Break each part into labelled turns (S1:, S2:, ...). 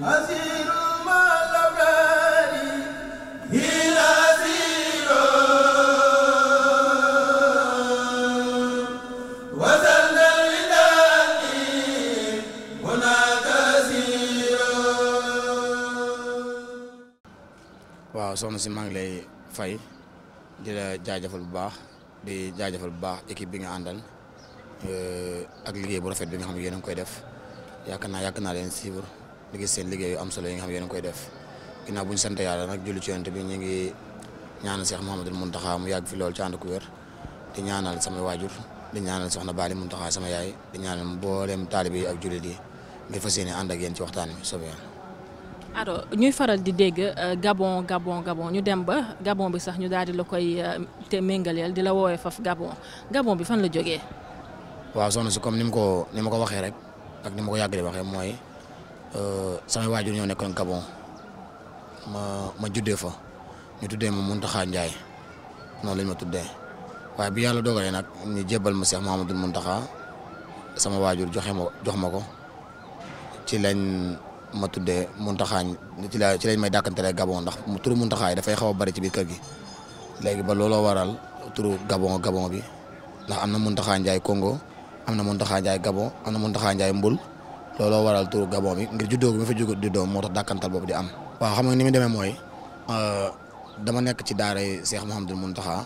S1: waaw
S2: soxna si maa ngi lay fay di la jaajëfal bu baax di jaajëfal bu baax équipe bi nga àndal euh, ak liggéey bu rafet bi nga xam ne koy def yaakaar naa yaakaar naa leen di gis seen liggéey am solo yi nga xam ne koy def ginnaaw bu ñu sant yàlla nag julli ci yonent bi ñu ngi ñaanal Cheikh mun taxaa mu yàgg fi loolu ci ànd ku wér di ñaanal sama waajur di ñaanal soxna mun taxaa sama yaay di ñaanal mbooleem taalibe yi ak jullit yi ngir fas yéene ànd ak yéen ci waxtaan wi soobee
S1: yàlla. ñuy faral di dégg euh, Gabon Gabon Gabon ñu dem ba Gabon bi sax ñu daal di la koy euh, te méngaleel di la woowee faf Gabon Gabon bi fan la jógee.
S2: waaw soxna si comme ni ma ko ni ma ko waxee rek ak ni ma ko yàgg di waxee mooy Euh, samay waajur ñoo nekkoon Gabon ma ma juddee fa ñu tuddee ma muntaxaa Ndiaye noonu lañ ma tuddee waaye bi yàlla dogalee nag ñu jébbal ma Cheikh Mouhamadoul Mountakha sama waajur joxe ma jox ma ko ci lañ ma tuddee Mountakha ci la ci lañ may dàkkantelee Gabon ndax turu Mountakha dafay xaw a bari ci biir kër gi léegi ba looloo waral turu Gabon Gabon bi ndax am na Mountakha Ndiaye kongo am na Mountakha Ndiaye Gabon am na Mountakha Ndiaye Mbul looloo waral turu Gabon bi ngir juddoo bi ma fa judd juddoo moo tax dàkkantal boobu di am. waaw xam nga ni mu demee mooy euh, dama nekk ci daara yi Cheikh Mouhamadou Mountakha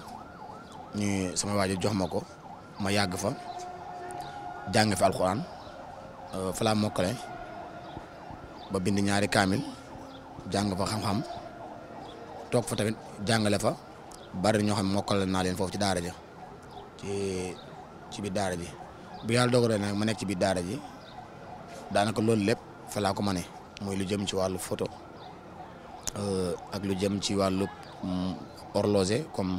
S2: ñu sama waajur jox ma ko ma yàgg fa jàng fi alxuraan euh, fa laa mokkale ba bind ñaari kaamil jàng fa xam-xam toog fa tamit jàngale fa bari ñoo xam mokkale naa leen foofu ci daara ji ci biir daara ji bu yàlla dogalee nag ma nekk ci biir daara ji. daanaka loolu lépp fa laa ko mënee muy lu jëm ci wàllu photo euh, ak lu jëm ci wàllu mm, horloger comme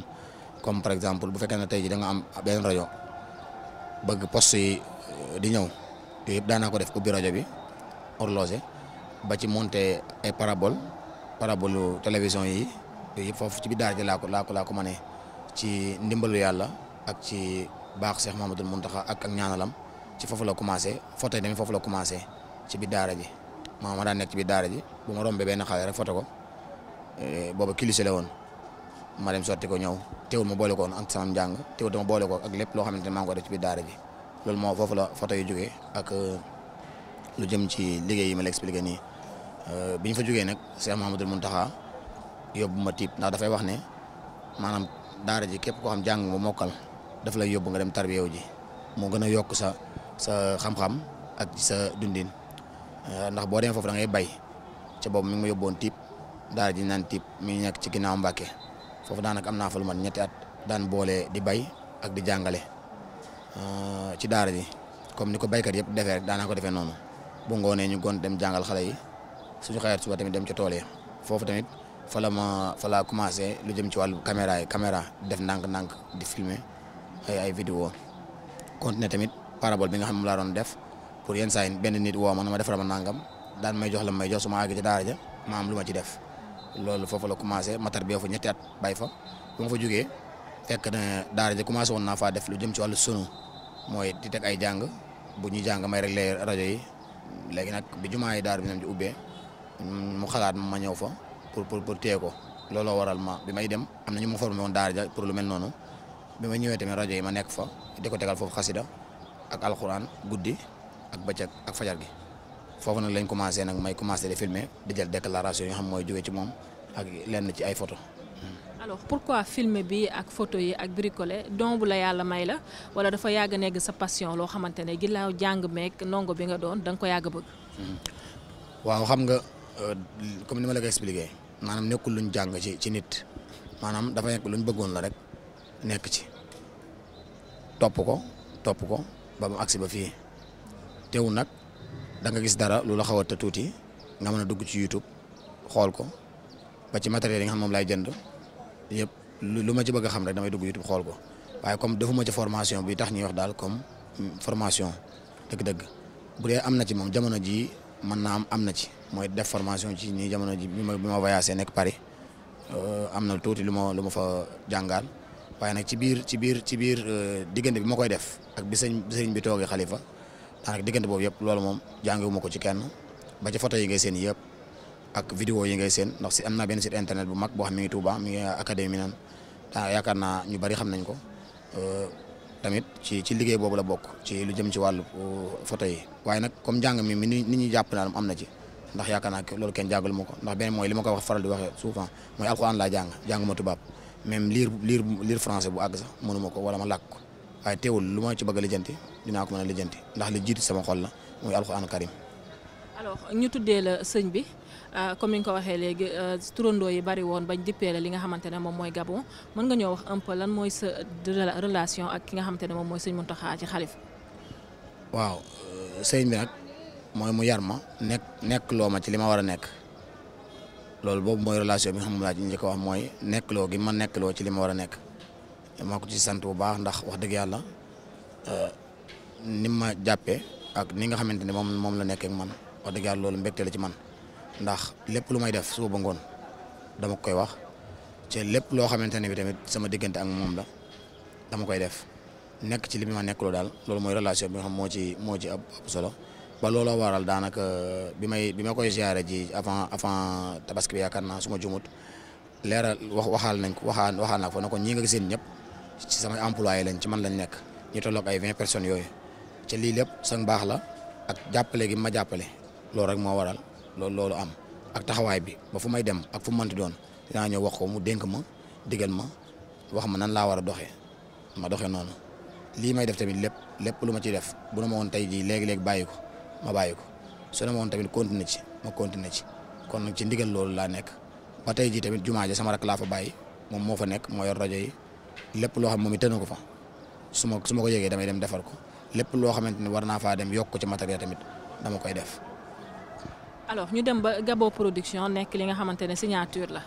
S2: comme par exemple bu fekkee ne tey ji da nga am benn rajo bëgg poste euh, di ñëw yooyu yëpp daanaa ko def rajo bi horloger ba ci monter ay parabole parabolu télévision yi yooyu yëpp foofu ci bi daara ji laa ko laa ko mane ci ndimbalu yàlla ak ci baax Cheikh Mamadou Mountakha ak ak ñaanalam ci foofu la commencé photo yi foofu la commencé ci biir daara ji maa ma daan nekk ci biir daara ji bu ma rombee benn xale rek photo ko eh, booba kilise la woon ma dem sotti ko ñëw teewul ma boole ko ak sama njàng teewul dama boole ko ak lépp loo xam ne maa ngi ko def ci biir daara ji loolu moo foofu la photo yu jógee ak eh, lu jëm ci liggéey yi ma nii eh, bi ñu fa jógee nag Cheikh Mouhamadul Mountakha yóbbu ma tiib ndax dafay wax ne maanaam daara ji képp koo xam jàng ba mokkal daf lay yóbbu nga dem tarbiyewu ji moo gën a yokk sa sa xam-xam ak sa dundin euh, ndax boo dee foofu da ngay bay ca boobu mi ngi ma yóbboon tiib daara ji naan tiib mi ngi nekk ci ginnaaw Mbàkke foofu daanaka am naa fa lu mat ñetti at daan boole di bay ak di jàngale euh, ci daara ji comme ni ko baykat yëpp defee rek daanaa ko defee noonu bu ngoonee ñu gont dem jàngal xale yi suñu xayaat suba tamit dem ca tool yi foofu tamit fa la ma commencé lu jëm ci wàllu caméra yi caméra def ndànk-ndànk di filmer ay ay vidéo tamit parabole bi nga xam ne laa doon def pour yenn saa benn nit woo ma na ma defal ma nangam daan may jox la may jox su ma àgg ci daara ja ma am lu ma ci def loolu foofu la commencé ma tarbiyee fa ñetti at bay fa bu ma fekk na daara commencé woon naa faa def lu jëm ci wàllu sunu mooy di teg ay jàng bu ñuy jàng may rek lay rajo yi léegi nag bi jumaa yi daara bi nam ci mu xalaat ma ñëw fa pour pour pour téye ko looloo waral ma bi may dem am na ñu ma formé woon daara ja pour lu mel noonu bi ma ñëwee tamit rajo yi ma nekk fa di ko tegal foofu xasida ak alxuraan guddi ak bëccëg ak fajar gi foofu nag lañ commencé nag may commencé di filmer di jël déclaration yoo xam mooy jóge ci moom ak lenn ci ay photo
S1: alors pourquoi filmer bi ak photo yi ak bricolé don bu yàlla may la wala dafa yàgg nekk sa passion loo xamante ne ginnaaw jàng meek ndongo bi nga doon danga nga ko yàgg bëgg.
S2: Hmm. waaw xam nga euh, comme ni ma la ko maanaam nekkul luñ jàng ci ci nit maanaam dafa nekk luñ bëggoon la rek nekk ci topp ko topp ko. ba mu agsi ba fii tewu nag da nga gis dara lu la xaw a te tuuti nga mën a dugg ci YouTube xool ko ba ci matériel yi nga xam moom laay jënd yëpp lu lu ma ci bëgg xam rek damay dugg YouTube xool ko waaye comme defuma ci formation bi tax ñuy wax daal comme mm, formation dëgg-dëgg bu dee am na ci moom jamono jii mën naa am am na ci mooy def formation ci nii jamono ji bi ma bi ma voyagé nekk Paris euh, am na tuuti lu ma lu ma fa jàngaal waaye nag ci biir ci biir ci biir euh, diggante bi ma koy def ak bi sëñ bi toogee xalifa daanaka diggante boobu yëpp loolu moom jàngewuma ko ci kenn ba ci photo yi ngay seen yëpp ak vidéo yi ngay seen ndax si am naa benn site internet bu mag boo xam mi ngi Touba mi ngi académie mi naan yaakaar naa ñu bari xam nañ ko euh, tamit ci ci liggéey boobu la bokk ci lu jëm ci wàllu euh, photo yi waaye nag comme njàng mi mi ni nit ñi jàpp naa am na ci ndax yaakaar naa loolu kenn jàngal ma ko ndax benn mooy li ma ko wax faral di waxee souvent mooy alxuraan laa jàng jànguma tubaab même liir liir liir français bu àgg sax mënuma ko wala ma lakk ko waaye teewul lu ma ci bëgg a lijjanti dinaa ko mën a lijjanti ndax li jiitu sama xol la muy alxuraan karim.
S1: alors ñu tuddee la sëñ bi euh, comme ni nga ko waxee léegi euh, turandoo yi bari woon bañ dippee li nga xamante ne moom mooy Gabon mën nga ñoo wax un lan mooy sa relation ak nga xamante ne moom mooy sëñ Mountakha ci xalif.
S2: waaw euh, sëñ bi nag mooy mu yar ma nekk nekk loo ma ci li ma war a nekk. loolu boobu mooy relation bi nga xam ne laa ci njëkk wax mooy nekkloo gi ma nekkloo li ma war a nekk maa ko ci sant bu baax ndax wax dëgg yàlla euh, ni ma jàppee ak ni nga xamante ne moom moom la nekkee man wax dëgg yàlla loolu mbégte la ci man ndax lépp lu may def suba ba ngoon dama koy wax ci lépp loo xamante ne bi tamit sama diggante ak moom la dama koy def nekk ci li ma nekkloo daal loolu mooy relation bi nga xam moo ci moo ci ab solo. ba looloo waral daanaka euh, bi may bi ma koy ziare ji avant avant tabaski bi yaakaar naa su ma jumut leeral wax waxaal nañ ko waxaan waxaal ko ne ko ñii nga seen ñëpp ci samay employé lañ ci man lañ nekk ñu tolloog ay vingt personnes yooyu ci lii lépp seen baax la ak jàppale gi ma jàppale loolu rek moo waral loolu loolu am ak taxawaay bi ba fu may dem ak fu mu mënti doon dinaa ñëw wax ko mu dénk ma digal ma wax ma nan laa war a doxee ma doxe noonu lii may def tamit lépp lépp lu ma ciy def bu ma woon tey jii léegi-léegi bàyyi ko ma bàyyi ko su demoon tamit continuer ci ma continuer ci kon nag ci ndigal loolu laa nekk ba tey jii tamit jumaa ji sama rak laa fa bàyyi moom moo fa nekk moo yor rajo yi lépp loo xam moom itam ko fa su ma su ma ko yëgee damay dem defar ko lépp loo xamante ne war naa faa dem yokk ci matériel tamit dama koy def.
S1: alors ñu dem ba Gabo production nekk li nga xamante ne signature la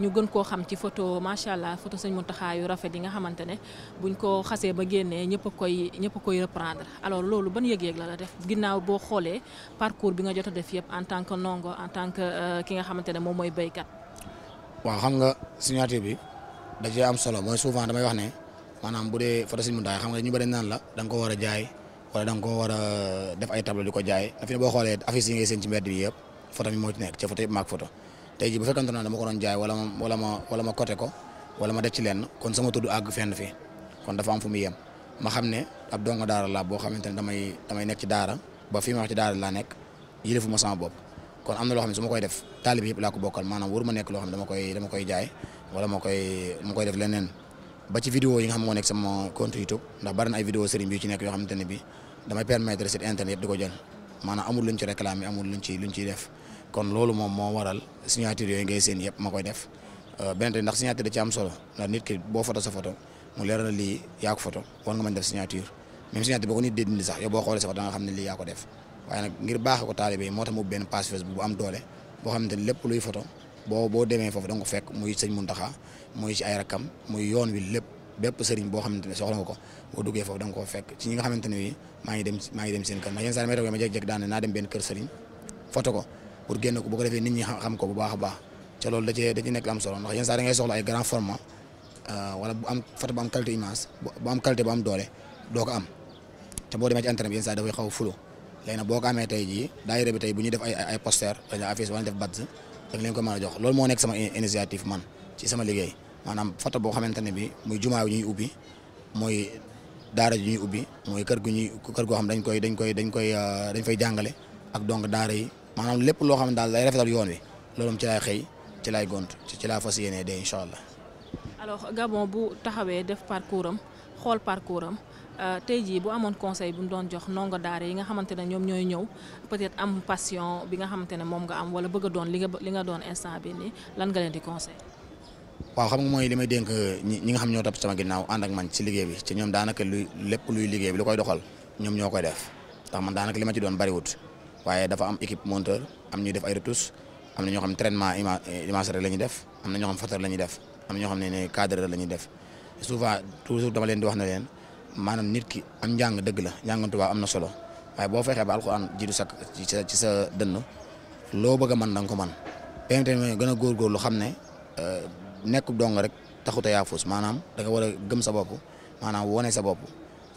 S1: ñu gën koo xam ci photo macha allah photo sëñ Mountakha yu rafet yi nga xamante ne buñ koo xasee ba génnee ñëpp koy ñëpp koy reprendre alors loolu ban yëg-yëg la la def ginnaaw boo xoolee parcours bi nga jot def yëpp en tant que ndongo en tant que euh, ki nga xamante ne moom mooy béykat.
S2: waaw xam nga signature bi da cee am solo mooy souvent damay wax ne maanaam bu dee photo sëñ Mountakha xam nga ñu bëri naan la da ko war jaay wala da war a def ay tableau di jaay daf ne xoolee affiche yi yëpp. foto mi moo ci nekk ca photo yëpp maak photo tey jii bu fekkante ne dama ko doon jaay ma wala ma wala kon sama tudd àgg fenn fii kon dafa am fu mu yem ma xam ne ab dongo daara laa boo xamante ne damay damay nekk daara ba fii ma wax ci nekk yilifu ma sama bopp kon am na loo ma koy def taalib yëpp laa ko bokkal maanaam waru ma nekk loo xam dama koy dama koy jaay wala ma koy ma koy def leneen ba ci vidéo yi nga xam moo nekk sama compte YouTube ndax bari na ay vidéo sëriñ bi ci nekk yoo xamante ne bi damay permettre site internet yëpp di ko jël maanaam amul luñ ci réclamer amul luñ ci ciy def kon loolu moom moo waral signature yooyu ngay seen yëpp ma koy def euh, benn ndax signature da ci am solo ndax nit ki boo foto sa foto mu leer na lii yaa foto war nga mën def signature même boo ko nit boo xoolee sa foto da xam ne lii yaa ko def waaye nag ngir baaxee ko taalibe moo tax mu benn page Facebook am doole boo xamante ne lépp luy foto boo boo demee foofu da nga ko fekk muy sëñ Muntaxa muy ci ay rakam mu yoon wi lépp bépp sëriñ boo xamante ne soxla nga ko boo duggee foofu da nga ko fekk ci nga xamante ne bii maa ngi dem maa ngi dem seen kër ndax yenn saa yi pour génne ko bu ko defee nit ñi xam ko bu baax a baax ca loolu da cee da ci nekk am solo ndax yenn saa da ngay soxla ay grand format euh, wala bu am photo bu am qualité image bu am qualité bu am doole doo ko am te boo demee ci internet bi yenn saa dafay xaw a fulo léegi nag boo ko amee tey jii daayira bi tey bu ñuy def ay ay poster dañuy affiche wala def badge dañ leen ko mën a jox loolu moo nekk sama initiative man ci sama liggéey maanaam photo boo xamante ne bi muy jumaa yu ñuy ubbi mooy daara ju ubbi mooy kër gu ñuy kër goo xam dañ koy dañ koy dañ koy euh, dañ fay jàngale ak donc daara yi maanaam lépp loo xam ne daal day rafetal yoon wi loolu ci laay xëy ci laay gont ci laa fas yéenee de incha allah.
S1: alors Gabon bu taxawee def parcours am xool parcours am euh, tey jii bu amoon conseil bu mu doon jox ndongo daara yi nga xamante ne ñoom ñooy ñëw peut-être am passion bi nga xamante ne moom nga am wala bëgg doon li nga li nga doon instant bi nii lan nga leen di conseil
S2: waaw xam nga mooy li may dénk ñi nga xam ñoo topp sama ginnaaw ànd ak man ci liggéey bi ci ñoom daanaka luy lépp luy liggéey lu koy doxal ñoom ñoo koy def ndax man daanaka li ma ci doon bariwut waaye dafa am équipe monteur am ñu def ay retouches am na ñoo xam traitement eh, image rek la ñuy def am na ñoo xam photo la ñuy def am na xam ne ne cadre la ñuy def souvent toujours dama leen di wax na leen maanaam nit ki am njàng dëgg la njàngantu waa am na solo waaye boo fexee ba alxuraan jiitu sa ci sa ci sa dënn loo bëgg a mën da ko man PMT mooy gën a góorgóorlu xam ne euh, nekk dong rek taxut a yaafus maanaam danga war a gëm sa bopp maanaam wone sa bopp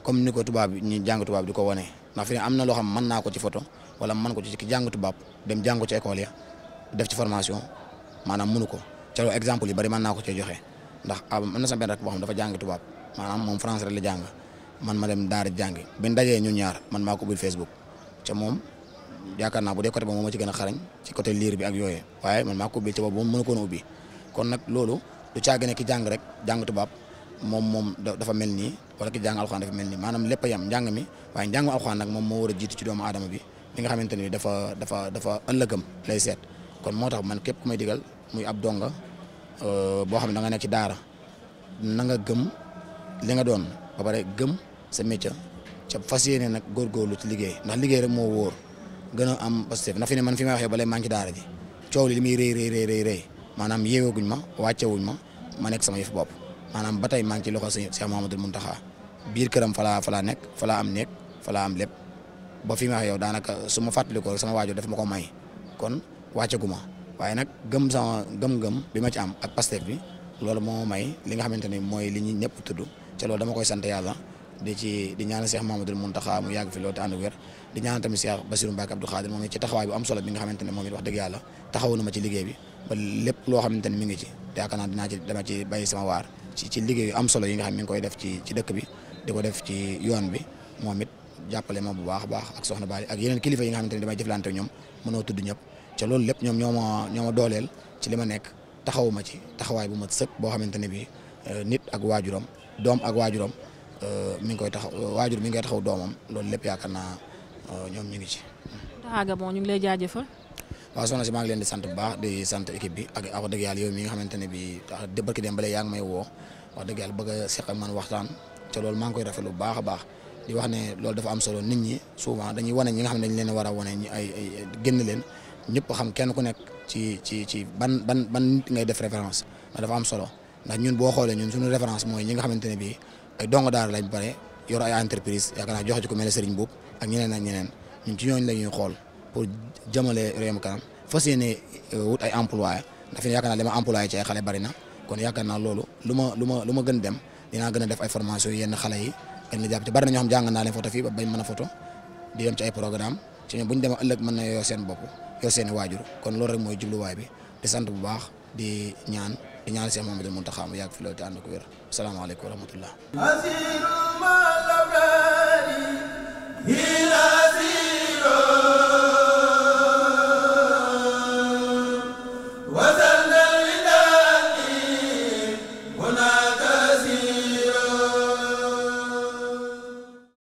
S2: comme ni ko tubaab ñu jàng tubaab di ko wone ndax fi am na loo xam mën naa ko ci photo wala man ko ci jàng tubaab dem jàng ko ci école ya def ci formation maanaam mënu ko ca loolu exemple yi bari man naa ko cee joxe ndax am na sa benn rek boo xam dafa jàng tubaab maanaam moom français rek la jàng man ma dem daara jàng bi ñu dajee ñun ñaar man maa ko ubbil Facebook ca moom yaakaar naa bu dee côté ba moom ci gën a xarañ ci côté liir bi ak yooyu waaye man maa ko ubbil ca boobu moom mënu kon nag loolu du caagin ne ki jàng rek jàng tubaab moom moom dafa mel nii wala ki jàng alxuraan dafa mel nii maanaam lépp a yem njàng mi waaye njàngu alxuraan nag moom moo war a jiit ci doomu adama bi. li nga xamante ni dafa dafa dafa ëllëgam lay seet kon moo tax man képp ku may digal muy ab donga euh, boo xam ne da nga nekk ci daara na nga gëm li nga doon ba pare gëm sa métier ca fas yéene nag lu ci liggéey ndax liggéey rek moo wóor gën a am pastef na fi ne man fi may waxee balay maa ngi ci daara ji coow li li muy rëy rëy rëy rëy maanaam yeewuguñ ma wàccewuñ ma ma nekk sama yëf bopp maanaam ba tey maa ngi ci loxo Cheikh Mouhamadou Mountakha biir këram falaa falaa nekk falaa am nekk falaa am lépp ba fi ma wax yow daanaka su ma fàttalikoo sama waajur daf ma ko may kon wàccagu ma waaye nag gëm sama gëm-gëm bi ma ci am ak Pastef bi loolu moo may li nga xamante ni mooy li ñu ñëpp tudd ca loolu dama koy sant yàlla di ci di ñaanal Cheikh Mamadou Mountakha mu yàgg fi loolu te ànd wér di ñaanal tamit Cheikh Bassirou Mbacké Abdou Khadir moom it ci taxawaay bu am nga xamante ne moom it wax dëgg yàlla taxawu na ma ci liggéey bi lépp loo xamante ni mi ngi ci yaakaar naa dinaa ci dama ci bàyyi sama waar ci ci liggéey yu am solo yi nga xam mi ngi koy def ci ci dëkk bi di ko def ci yoon bi moom it jàppale ma bu baax baax ak soxna Bally ak yeneen kilifa yi nga xamante ne damay jëflante ak ñoom mënoo tudd ñëpp ca loolu ñoo ma ñoo dooleel ci li ma nekk taxawu ma ci taxawaay bu ma sëkk boo xamante ne bi euh, nit ak waajuram doom ak waajuram euh, mi ngi koy taxaw waajur mi ngi koy doomam loolu lépp yaakaar naa euh, ñoom ñu ngi ci.
S1: Taxaga bon ñu ngi lay jaajëfal.
S2: waaw soxna si maa ngi leen di sant bu baax di sant équipe bi ak wax dëgg yàlla yow mi nga xamante bi bii dëgg barki dem bale yaa ngi may woo wax dëgg yàlla bëgg seq ak man waxtaan ca loolu maa ngi koy rafetlu bu baax a baax di wax ne loolu dafa am solo nit ñi souvent dañuy wane ñi nga xam ne dañ leen war a wane ñu ay ay génn leen ñëpp xam kenn ku nekk ci ci ci ban ban ban ngay def référence ndax dafa am solo ndax ñun boo xoolee ñun suñu référence mooy ñi nga xamante ne bii ay dongo daara lañ pare yor ay entreprise yaakaar naa joxe ci ku mel ne Serigne ak ñeneen ak ñeneen ñun ci ñooñu la ñuy xool pour jëmale réew mi kanam fas yéene euh, wut ay employé ndax fi yaakaar naa li ma employé ay xale bari na kon yaakaar naa loolu lu ma lu ma lu ma gën dem dinaa gën a def ay formation yenn xale yi kenn jàpp ci bari na ñoo xam jàng naa leen photo fii ba bañ mën a photo di dem ci ay programme ci ñoom bu ñu demee ëllëg mën na yor seen bopp yor seen waajur kon loolu rek mooy jubluwaay bi di sant bu baax di ñaan di ñaan Cheikh Mamadou Mountakha mu yàgg fi loolu te ànd ko wér asalaamaaleykum wa rahmatullah